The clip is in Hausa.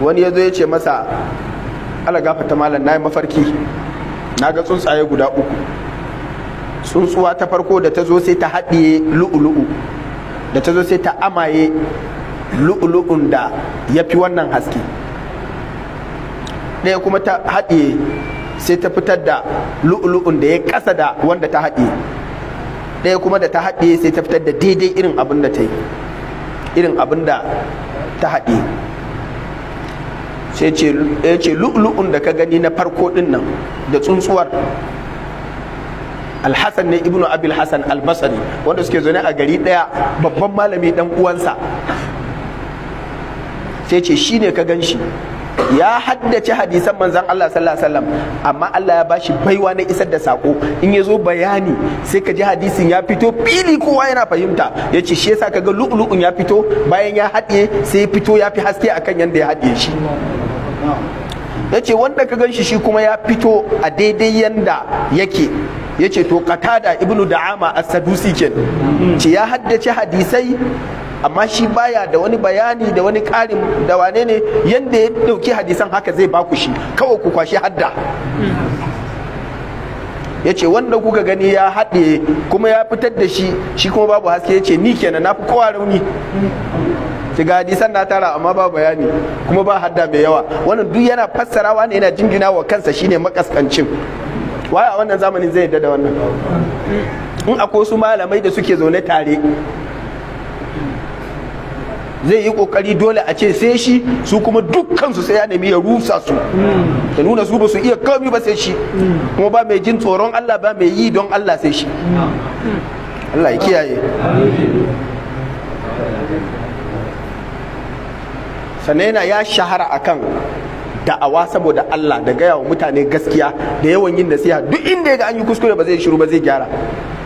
wani ya zo ya ce masa ala gafata malam na yi mafarki na ga tsuntsaye guda uku tsuntsuwa ta farko da ta zo sai ta haɗiye lu'ulu'u da ta zo sai ta amaye lu'ulu'un da ya fi wannan haske ɗaya kuma ta haɗiye sai ta fitar da lu'ulu'un da ya ƙasa da wanda ta haɗiye ɗaya kuma da ta haɗiye sai ta fitar da daidai irin abin da ta yi irin abin da ta haɗiye sai ce lu'lu'un da ka gani na farko din nan da tsuntsuwar alhassan ne ibnu abil hassan albasari wanda suke zaune a gari daya babban malami dan uwansa sai ce shi ne ka gan shi ya haddace hadisan manzan Allah sallallahu alaihi amma Allah ya bashi baiwa na isar da sako in ya zo bayani sai ka ji hadisin ya fito fili kowa yana fahimta ya ce shi yasa ga lu'lu'un ya fito bayan ya haɗe sai ya fito ya fi haske akan yadda ya haɗe shi yace wanda ka ganshi shi kuma ya fito a daidai yanda yake yace to qatada ibnu da'ama as-sadusi kenan ce ya haddace hadisai amma shi baya da wani bayani da wani karin da wane ne yanda ya dauki hadisan haka zai baku shi kawai ku kwashi hadda Yace wanda kuka gani ya haɗe kuma ya fitar da shi shi kuma babu haske yace ni kenan na fi kowa rauni ga hadisan na tara amma ba bayani kuma ba hadda mai yawa wannan duk yana fassarawa ne yana jingina wa kansa shine makaskancin wai a wannan zamanin zai yadda da wannan in akwai su malamai da suke zaune tare zai yi kokari dole a ce sai shi su kuma dukkansu sai ya nemi ya rusa su ya nuna su ba su iya komi ba sai shi kuma ba mai jin tsoron Allah ba mai yi don Allah sai shi Allah ya kiyaye sannan ya shahara akan da'awa saboda Allah da gaya wa mutane gaskiya da yawan yin nasiha duk inda ya ga an yi kuskure ba zai shiru ba zai gyara